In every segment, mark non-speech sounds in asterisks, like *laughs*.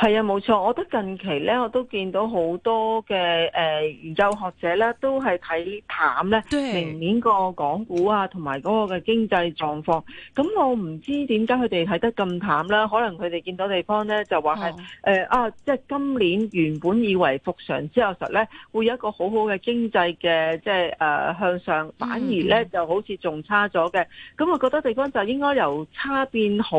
係啊，冇錯，我覺得近期咧，我都見到好多嘅誒、呃、研究學者咧，都係睇淡咧明年個港股啊，同埋嗰個嘅經濟狀況。咁我唔知點解佢哋睇得咁淡啦。可能佢哋見到地方咧，就話係誒啊！即、就、係、是、今年原本以為復常之後實咧會有一個好好嘅經濟嘅即係向上，反而咧、嗯、就好似仲差咗嘅。咁我覺得地方就應該由差變好。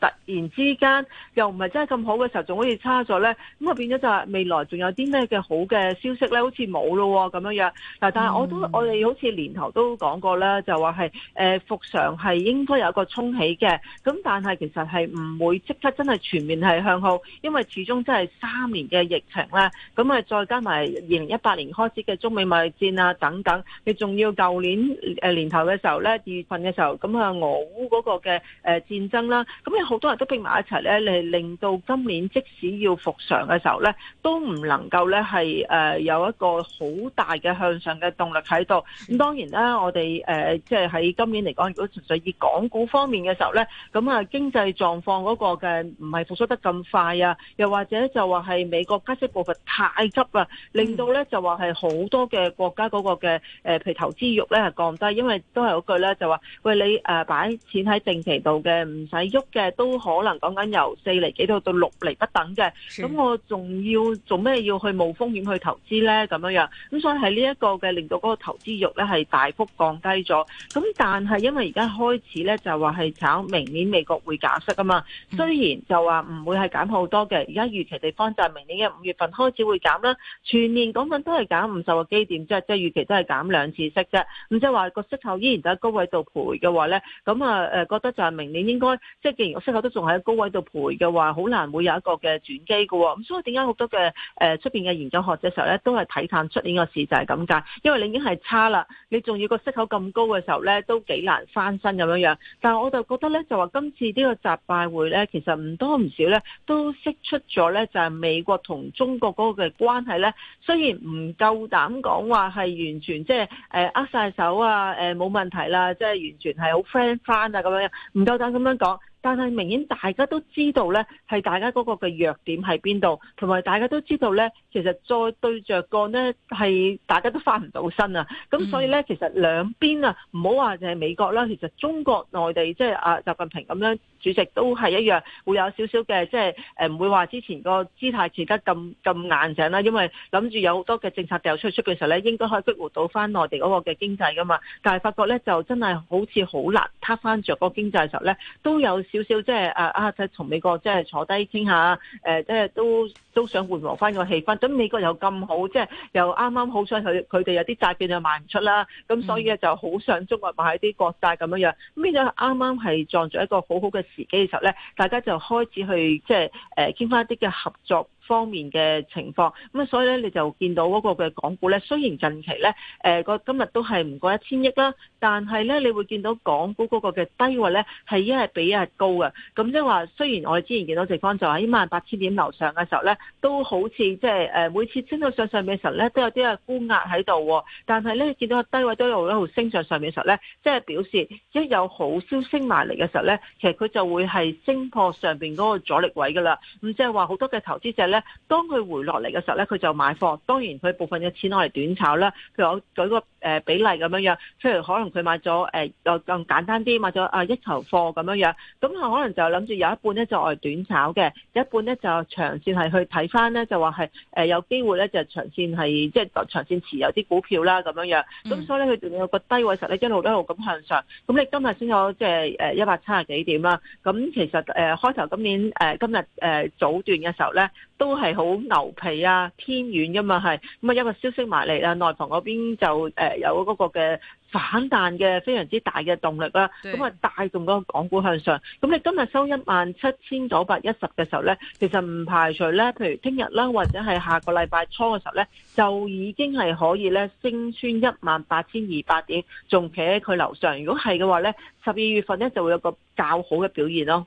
突然之間又唔係真係咁好嘅時候，仲好似差咗呢。咁啊變咗就係未來仲有啲咩嘅好嘅消息呢？好似冇咯喎咁樣樣。嗱，但係我都我哋好似年頭都講過啦，就話係誒復常係應該有一個沖起嘅，咁但係其實係唔會即刻真係全面係向好，因為始終真係三年嘅疫情咧，咁啊再加埋二零一八年開始嘅中美貿易戰啊等等，你仲要舊年誒年頭嘅時候呢，二月份嘅時候咁啊俄烏嗰個嘅誒戰爭啦，咁好多人都逼埋一齊咧，你係令到今年即使要復常嘅時候咧，都唔能夠咧係誒有一個好大嘅向上嘅動力喺度。咁當然啦，我哋誒即係喺今年嚟講，如果純粹以港股方面嘅時候咧，咁、嗯、啊經濟狀況嗰個嘅唔係復甦得咁快啊，又或者就話係美國加息步伐太急呀、啊，令到咧就話係好多嘅國家嗰個嘅誒譬如投資慾咧係降低，因為都係嗰句咧就話，喂你誒、啊、擺錢喺定期度嘅唔使喐嘅。都可能講緊由四厘幾到到六厘不等嘅，咁我仲要做咩要去冒風險去投資呢？咁樣樣，咁所以喺呢一個嘅令到嗰個投資欲呢，係大幅降低咗。咁但係因為而家開始呢，就話係炒明年美國會減息啊嘛，雖然就話唔會係減好多嘅。而家預期地方就係明年嘅五月份開始會減啦，全年股份都係減五十個基點啫，即係預期都係減兩次息啫。咁即係話個息口依然喺高位度賠嘅話呢，咁啊誒覺得就係明年應該即係既然。都仲喺高位度賠嘅話，好難會有一個嘅轉機嘅。咁所以點解好多嘅誒出邊嘅研究學者時候咧，都係睇淡出年個市就係咁解，因為你已經係差啦，你仲要個息口咁高嘅時候咧，都幾難翻身咁樣樣。但係我就覺得咧，就話今次呢個習拜會咧，其實唔多唔少咧，都釋出咗咧，就係美國同中國嗰個嘅關係咧，雖然唔夠膽講話係完全即係誒握晒手啊，誒、呃、冇問題啦，即、就、係、是、完全係好 friend 翻啊，咁樣樣，唔夠膽咁樣講。但係明顯大家都知道咧，係大家嗰個嘅弱點喺邊度，同埋大家都知道咧，其實再對着幹呢，係大家都翻唔到身啊！咁所以咧、嗯，其實兩邊啊，唔好話就係美國啦，其實中國內地即係啊習近平咁樣主席都係一樣，會有少少嘅即係誒唔會話之前個姿態似得咁咁硬淨啦，因為諗住有好多嘅政策掉出去出嘅時候咧，應該可以激活到翻內地嗰個嘅經濟噶嘛。但係發覺咧就真係好似好難撻翻着嗰經濟嘅時候咧，都有。少少即係啊啊，即、啊、同美國即係坐低傾下，誒即係都都想緩和翻個氣氛。咁美國又咁好，即係又啱啱好彩，佢佢哋有啲債券就賣唔出啦。咁所以咧就好想中國買啲國債咁樣樣。咁變咗啱啱係撞咗一個好好嘅時機嘅時候咧，大家就開始去即係誒傾翻一啲嘅合作。方面嘅情況，咁啊，所以咧你就見到嗰個嘅港股咧，雖然近期咧，誒個今日都係唔過一千億啦，但係咧，你會見到港股嗰個嘅低位咧，係一係比一係高嘅。咁即係話，雖然我哋之前見到地方就喺萬八千點樓上嘅時候咧，都好似即係每次升到上上面嘅時候咧，都有啲係沽壓喺度喎。但係咧，你見到個低位都有一路升上上面嘅時候咧，即係表示一有好消息埋嚟嘅時候咧，其實佢就會係升破上面嗰個阻力位噶啦。咁即係話好多嘅投資者咧。當佢回落嚟嘅時候咧，佢就買貨。當然佢部分嘅錢攞嚟短炒啦。譬如我舉個誒比例咁樣樣，譬如可能佢買咗誒又更簡單啲，買咗啊一頭貨咁樣樣。咁可能就諗住有一半咧就攞嚟短炒嘅，有一半咧就長線係去睇返咧，就話係誒有機會咧就長線係即係長線持有啲股票啦咁樣樣。咁、嗯、所以咧佢仲有個低位時候咧一路一路咁向上。咁你今日先有即係誒一百七十幾點啦？咁其實誒、呃、開頭今年誒、呃、今日誒、呃、早段嘅時候咧。都係好牛皮啊，偏軟噶嘛，係咁啊，一個消息埋嚟啦，內房嗰邊就誒、呃、有嗰個嘅反彈嘅非常之大嘅動力啦，咁啊帶動嗰個港股向上。咁你今日收一萬七千九百一十嘅時候咧，其實唔排除咧，譬如聽日啦，或者係下個禮拜初嘅時候咧，就已經係可以咧升穿一萬八千二百點，仲企喺佢樓上。如果係嘅話咧，十二月份咧就會有個較好嘅表現咯。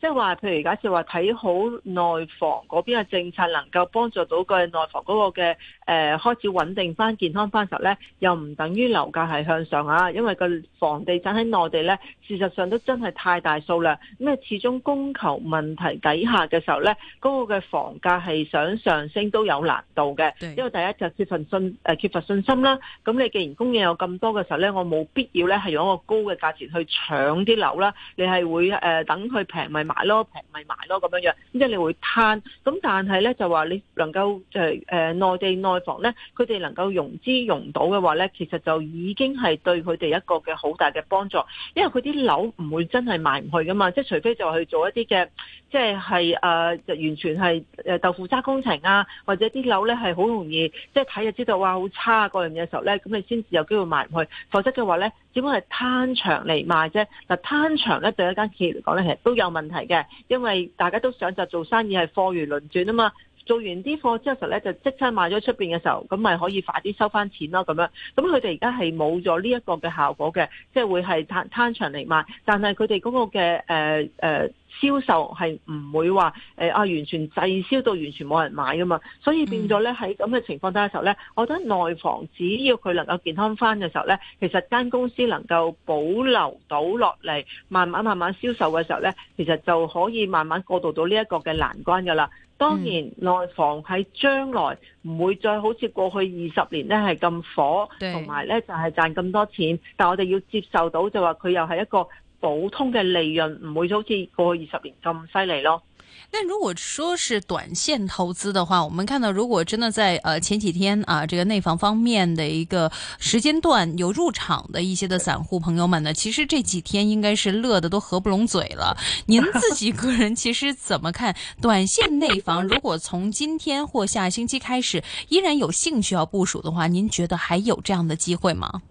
即係話，譬如假設話睇好內房嗰邊嘅政策能夠幫助到個內房嗰個嘅誒、呃、開始穩定翻、健康翻嘅時候咧，又唔等於樓價係向上啊，因為個房地產喺內地咧，事實上都真係太大數量，咁啊始終供求問題底下嘅時候咧，嗰、那個嘅房價係想上升都有難度嘅。因為第一就缺乏信誒缺、啊、乏信心啦，咁你既然供應有咁多嘅時候咧，我冇必要咧係用一個高嘅價錢去搶啲樓啦，你係會誒、呃、等佢平咪？買咯，平咪買咯，咁樣樣，咁即係你會攤。咁但係咧，就話你能夠就係誒內地內房咧，佢哋能夠融資融到嘅話咧，其實就已經係對佢哋一個嘅好大嘅幫助。因為佢啲樓唔會真係賣唔去噶嘛，即係除非就去做一啲嘅，即係係誒完全係誒豆腐渣工程啊，或者啲樓咧係好容易，即係睇就知道哇好差啊。樣嘢嘅時候咧，咁你先至有機會賣唔去，否則嘅話咧。只不過係攤場嚟賣啫，嗱攤場咧對一間企業嚟講咧，其實都有問題嘅，因為大家都想就做生意係貨源輪轉啊嘛，做完啲貨之後咧就即刻賣咗出面嘅時候，咁咪可以快啲收翻錢咯咁樣。咁佢哋而家係冇咗呢一個嘅效果嘅，即係會係攤場嚟賣，但係佢哋嗰個嘅誒誒。呃呃銷售係唔會話誒、呃、啊完全滯銷到完全冇人買噶嘛，所以變咗咧，喺咁嘅情況底下時候咧，我覺得內房只要佢能夠健康翻嘅時候咧，其實間公司能夠保留到落嚟，慢慢慢慢銷售嘅時候咧，其實就可以慢慢過渡到呢一個嘅難關噶啦。當然、嗯、內房喺將來唔會再好似過去二十年咧係咁火，同埋咧就係、是、賺咁多錢，但我哋要接受到就話佢又係一個。普通嘅利潤唔會好似過去二十年咁犀利咯。但如果說是短線投資的話，我們看到如果真的在呃前幾天啊，這個內房方面的一個時間段有入場的一些的散戶朋友們呢，其實這幾天應該是樂得都合不攏嘴了。您自己個人其實怎麼看？短線內房如果從今天或下星期開始依然有興趣要部署的話，您覺得還有這樣的機會嗎？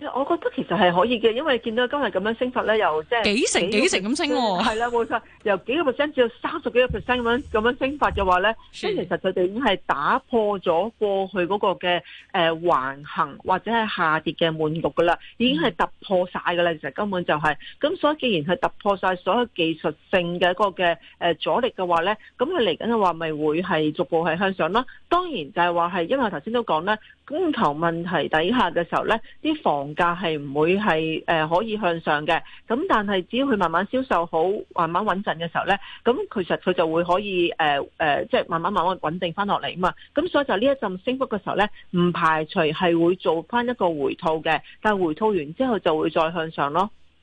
誒，我覺得其實係可以嘅，因為見到今日咁樣升法咧，又即係幾成幾成咁升喎、啊。係啦，冇錯，由幾個 percent 至到三十幾個 percent 咁樣咁樣升法嘅話咧，咁、嗯、其實佢哋已經係打破咗過去嗰個嘅誒橫行或者係下跌嘅悶局噶啦，已經係突破晒噶啦，其實根本就係、是、咁。所以既然係突破晒所有技術性嘅一個嘅誒阻力嘅話咧，咁佢嚟緊嘅話咪會係逐步係向上啦。當然就係話係，因為我頭先都講咧。供求問題底下嘅時候咧，啲房價係唔會係誒可以向上嘅。咁但係只要佢慢慢銷售好、慢慢穩陣嘅時候咧，咁其實佢就會可以誒誒，即、呃、係、呃就是、慢慢慢慢穩定翻落嚟啊嘛。咁所以就呢一陣升幅嘅時候咧，唔排除係會做翻一個回吐嘅，但係回吐完之後就會再向上咯。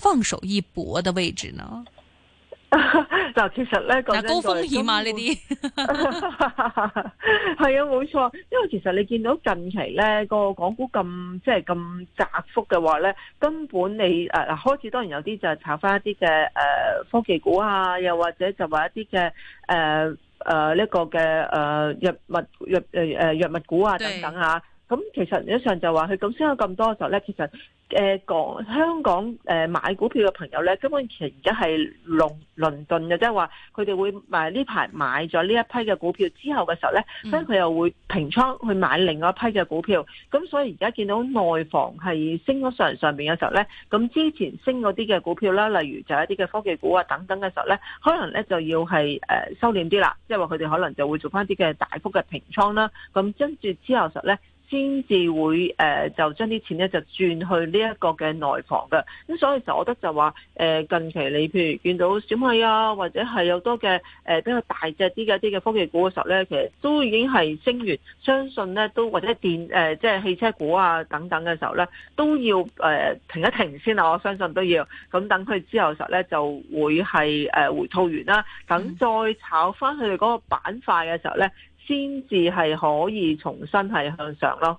放手一搏嘅位置呢？嗱， *laughs* 其實呢嗱，高風險嘛呢啲，係 *laughs* *laughs* 啊，冇錯。因為其實你見到近期呢個港股咁，即係咁窄幅嘅話呢，根本你誒、啊，開始當然有啲就係炒翻一啲嘅科技股啊，又或者就話一啲嘅誒誒呢個嘅誒藥物藥誒藥物股啊等等吓、啊。咁其實如一上就話佢咁升咗咁多嘅時候咧，其實誒、呃、香港誒、呃、買股票嘅朋友咧，根本其實而家係輪輪動嘅啫，即係話佢哋會買呢排買咗呢一批嘅股票之後嘅時候咧，咁佢又會平倉去買另外一批嘅股票。咁所以而家見到內房係升咗上上面嘅時候咧，咁之前升嗰啲嘅股票啦，例如就一啲嘅科技股啊等等嘅時候咧，可能咧就要係誒、呃、收斂啲啦，即係話佢哋可能就會做翻啲嘅大幅嘅平倉啦。咁跟住之後實咧，先至會誒就將啲錢咧就轉去呢一個嘅內房嘅，咁所以就我覺得就話誒近期你譬如見到小米啊，或者係有多嘅誒比較大隻啲嘅啲嘅科技股嘅時候咧，其實都已經係升完，相信咧都或者電誒即係汽車股啊等等嘅時候咧，都要誒停一停先啦，我相信都要咁等佢之後時候咧就會係回吐完啦，等再炒翻佢哋嗰個板塊嘅時候咧。先至係可以重新係向上咯。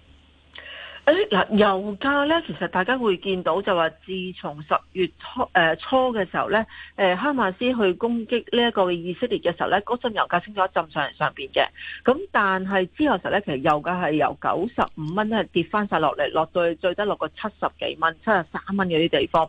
誒嗱，油價咧，其實大家會見到就話，自從十月初誒初嘅時候咧，誒哈馬斯去攻擊呢一個以色列嘅時候咧，嗰陣油價升咗一浸上嚟上邊嘅。咁但係之後時咧，其實油價係由九十五蚊咧跌翻晒落嚟，落到去最低落過七十幾蚊，七十三蚊嗰啲地方。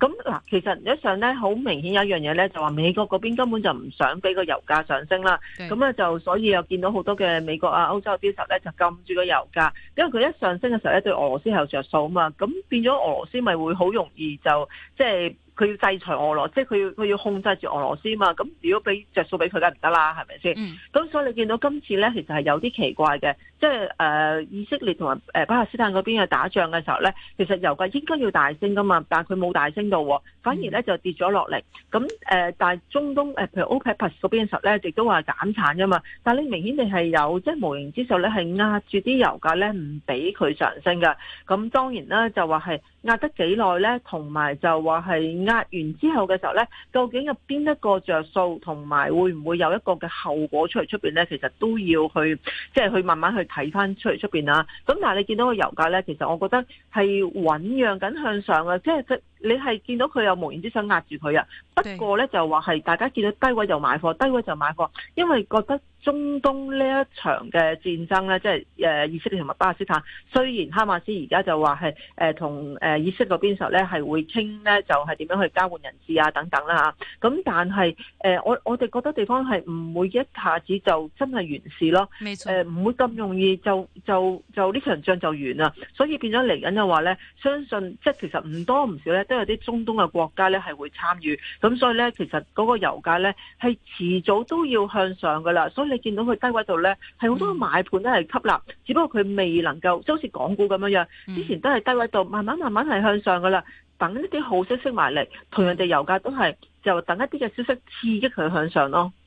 咁嗱，其實一上咧好明顯有一樣嘢咧，就話美國嗰邊根本就唔想俾個油價上升啦。咁咧就所以又見到好多嘅美國啊、歐洲嘅時候咧就禁住個油價，因為佢一上升嘅時候，喺對俄羅斯係有着數啊嘛，咁變咗俄羅斯咪會好容易就即係。佢要制裁俄羅，即係佢要佢要控制住俄羅斯嘛。咁如果俾着數俾佢，梗係唔得啦，係咪先？咁所以你見到今次咧，其實係有啲奇怪嘅，即係誒、呃、以色列同埋誒巴勒斯坦嗰邊嘅打仗嘅時候咧，其實油價應該要大升噶嘛，但係佢冇大升到，哦，反而咧就跌咗落嚟。咁誒、呃，但係中東誒，譬、呃、如 OPEC 嗰邊嘅時候咧，亦都話減產噶嘛。但係你明顯地係有即係無形之手咧，係壓住啲油價咧，唔俾佢上升嘅。咁當然啦，就話係壓得幾耐咧，同埋就話係。壓完之後嘅時候咧，究竟有邊一個着數，同埋會唔會有一個嘅後果出嚟出邊咧？其實都要去即係、就是、去慢慢去睇返出嚟出邊啊。咁但係你見到個油價咧，其實我覺得係醞釀緊向上啊。即係你係見到佢有無言之想壓住佢啊。不過咧就話係大家見到低位就買貨，低位就買貨，因為覺得。中東呢一場嘅戰爭咧，即係誒以色列同埋巴勒斯坦，雖然哈馬斯而家就話係誒同誒以色列嗰邊時候咧係會傾咧，就係點樣去交換人質啊等等啦吓。咁但係誒我我哋覺得地方係唔會一下子就真係完事咯，誒唔會咁容易就就就呢場仗就完啦。所以變咗嚟緊嘅話咧，相信即係其實唔多唔少咧，都有啲中東嘅國家咧係會參與。咁所以咧，其實嗰個油價咧係遲早都要向上噶啦，所以。你見到佢低位度呢，係好多買盤都係吸納，只不過佢未能夠，即好似港股咁樣樣，之前都係低位度，慢慢慢慢係向上噶啦，等一啲好消息埋嚟，同人哋油價都係就等一啲嘅消息刺激佢向上咯。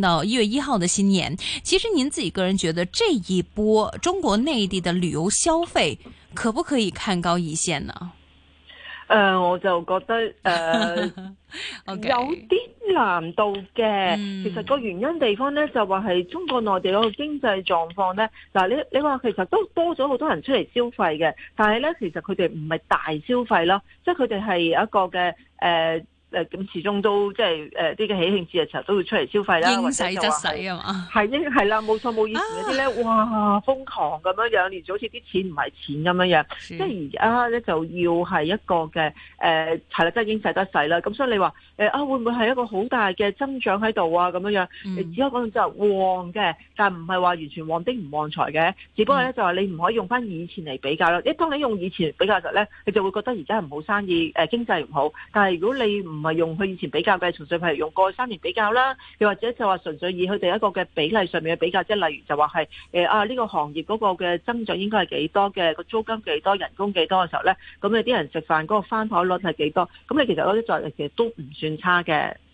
到一月一號的新年，其實您自己個人覺得，這一波中國內地的旅遊消費可不可以看高一線呢？誒、呃，我就覺得誒、呃 *laughs* Okay. 有啲難度嘅、嗯。其實個原因地方咧就話、是、係中國內地嗰個經濟狀況咧。嗱、呃，你你話其實都多咗好多人出嚟消費嘅，但係咧其實佢哋唔係大消費咯，即係佢哋係一個嘅誒。呃誒咁始終都即係誒呢個喜慶節日，時候都會出嚟消費啦，應使得使啊嘛，係應係啦，冇錯冇以前嗰啲咧，哇瘋狂咁樣樣，連好似啲錢唔係錢咁樣樣，即係而家咧就要係一個嘅誒係啦，真係應使得使啦。咁所以你話誒啊會唔會係一個好大嘅增長喺度啊咁樣樣？你、嗯、只可以講就旺嘅，但係唔係話完全旺丁唔旺財嘅，只不過咧就係你唔可以用翻以前嚟比較咯。一當你用以前比較嘅咧，你就會覺得而家唔好生意，誒、呃、經濟唔好。但係如果你唔唔係用佢以前比較嘅，純粹係用過去三年比較啦，又或者就話純粹以佢哋一個嘅比例上面嘅比較，即係例如就話係誒啊呢個行業嗰個嘅增長應該係幾多嘅，個租金幾多，人工幾多嘅時候咧，咁你啲人食飯嗰個翻台率係幾多？咁你其實嗰啲作業其實都唔算差嘅。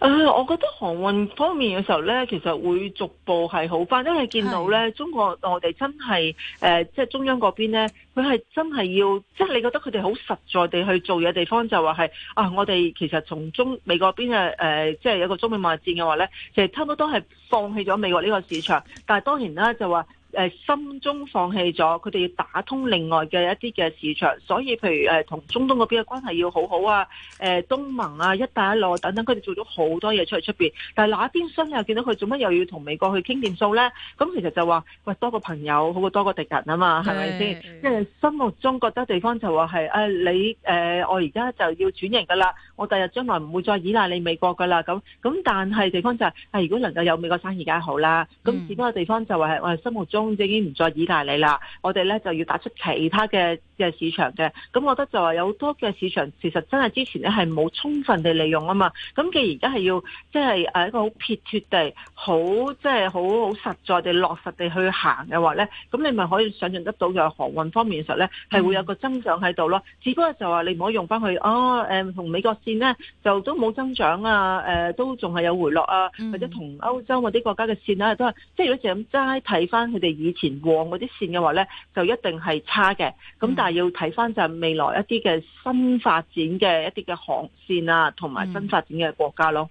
啊、呃，我覺得航運方面嘅時候咧，其實會逐步係好返，因為見到咧中國我哋真係誒，即、呃、係、就是、中央嗰邊咧，佢係真係要，即、就、係、是、你覺得佢哋好實在地去做嘢地方，就話係啊，我哋其實從中美國嗰邊嘅誒，即係有個中美貿易戰嘅話咧，其實差唔多都係放棄咗美國呢個市場，但係當然啦，就話。誒心中放棄咗，佢哋要打通另外嘅一啲嘅市場，所以譬如同中東嗰邊嘅關係要好好啊，誒東盟啊、一帶一路等等，佢哋做咗好多嘢出嚟出邊。但係哪邊新又見到佢做乜又要同美國去傾電數咧？咁其實就話喂多個朋友好過多個敵人啊嘛，係咪先？即係心目中覺得地方就話係誒你誒、哎、我而家就要轉型㗎啦，我第日將來唔會再依賴你美國㗎啦。咁咁但係地方就係、是哎、如果能夠有美國生意梗係好啦。咁至於個地方就話係、哎、心目中。已經唔再倚賴你啦，我哋咧就要打出其他嘅嘅市場嘅，咁我覺得就話有好多嘅市場其實真係之前咧係冇充分地利用啊嘛，咁既然而家係要即係誒一個好撇脱地、好即係好好實在地、落實地去行嘅話咧，咁你咪可以想象得到嘅、就係、航運方面實咧係會有個增長喺度咯。只不過就話你唔可以用翻去哦誒，同美國線咧就都冇增長啊，誒、呃、都仲係有回落啊，嗯、或者同歐洲嗰啲國家嘅線咧、啊、都係即係如果就咁齋睇翻佢哋。以前旺嗰啲綫嘅話咧，就一定係差嘅。咁，但係要睇翻就係未來一啲嘅新發展嘅一啲嘅航綫啊，同埋新發展嘅國家咯。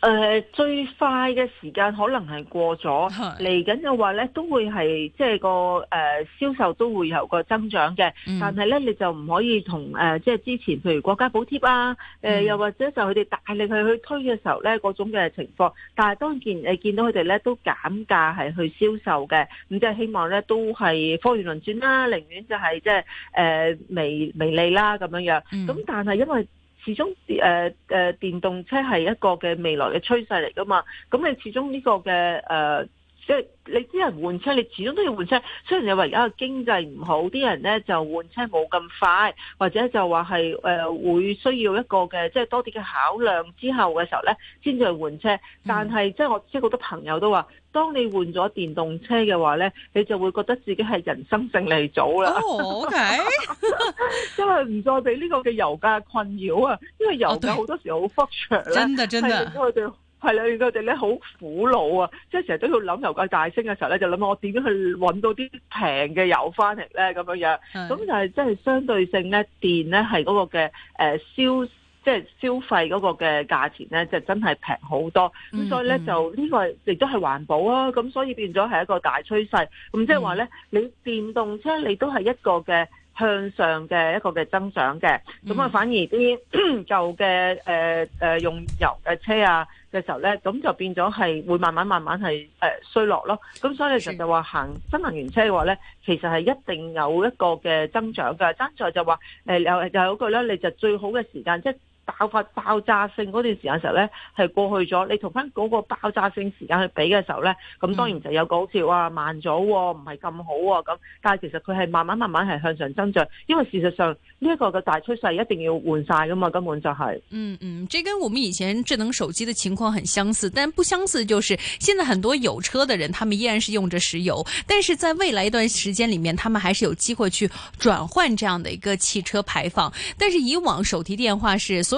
誒、呃，最快嘅時間可能係過咗，嚟緊嘅話咧，都會係即係個誒銷、呃、售都會有個增長嘅、嗯。但係咧，你就唔可以同誒、呃、即係之前，譬如國家補貼啊，誒、呃、又或者就佢哋大力去去推嘅時候咧，嗰種嘅情況。但係當然誒見到佢哋咧都減價係去銷售嘅，咁即係希望咧都係貨如輪轉啦，寧願就係即係誒微微利啦、啊、咁樣樣。咁、嗯、但係因為始終誒誒電動車係一個嘅未來嘅趨勢嚟㗎嘛，咁你始終呢個嘅誒。呃即係你啲人換車，你始終都要換車。雖然你話而家經濟唔好，啲人咧就換車冇咁快，或者就話係誒會需要一個嘅即係多啲嘅考量之後嘅時候咧，先至去換車。但係、嗯、即係我即係好多朋友都話，當你換咗電動車嘅話咧，你就會覺得自己係人生勝利組啦。OK，因為唔再俾呢個嘅油價困擾啊，因為油價好多時候好浮動真係，真係。係啦，令到我哋咧好苦惱啊！即係成日都要諗油價大升嘅時候咧，就諗我點樣去搵到啲平嘅油翻嚟咧，咁樣樣咁就係即係相對性咧，電咧係嗰個嘅誒、呃、消即係消費嗰個嘅價錢咧，就真係平好多。咁、嗯嗯、所以咧就呢、這個亦都係環保啊！咁所以變咗係一個大趨勢。咁即係話咧，你電動車你都係一個嘅向上嘅一個嘅增長嘅。咁、嗯、啊，就反而啲舊嘅誒誒用油嘅車啊。嘅時候咧，咁就變咗係會慢慢慢慢係誒、呃、衰落咯。咁所以就就話行新能源車嘅話咧，其實係一定有一個嘅增長嘅。增在就話誒、呃、又係就係嗰句咧，你就最好嘅時間即。爆發爆炸性嗰段時間嘅時候呢，係過去咗。你同翻嗰個爆炸性時間去比嘅時候呢，咁當然就有個好似話慢咗，唔係咁好啊。咁但係其實佢係慢慢慢慢係向上增長，因為事實上呢一，這個嘅大趨勢一定要換晒噶嘛，根本就係。嗯嗯，即跟我們以前智能手機的情況很相似，但不相似就是現在很多有車的人，他們依然是用着石油，但是在未來一段時間裏面，他們還是有機會去轉換這樣的一個汽車排放。但是以往手提電話是所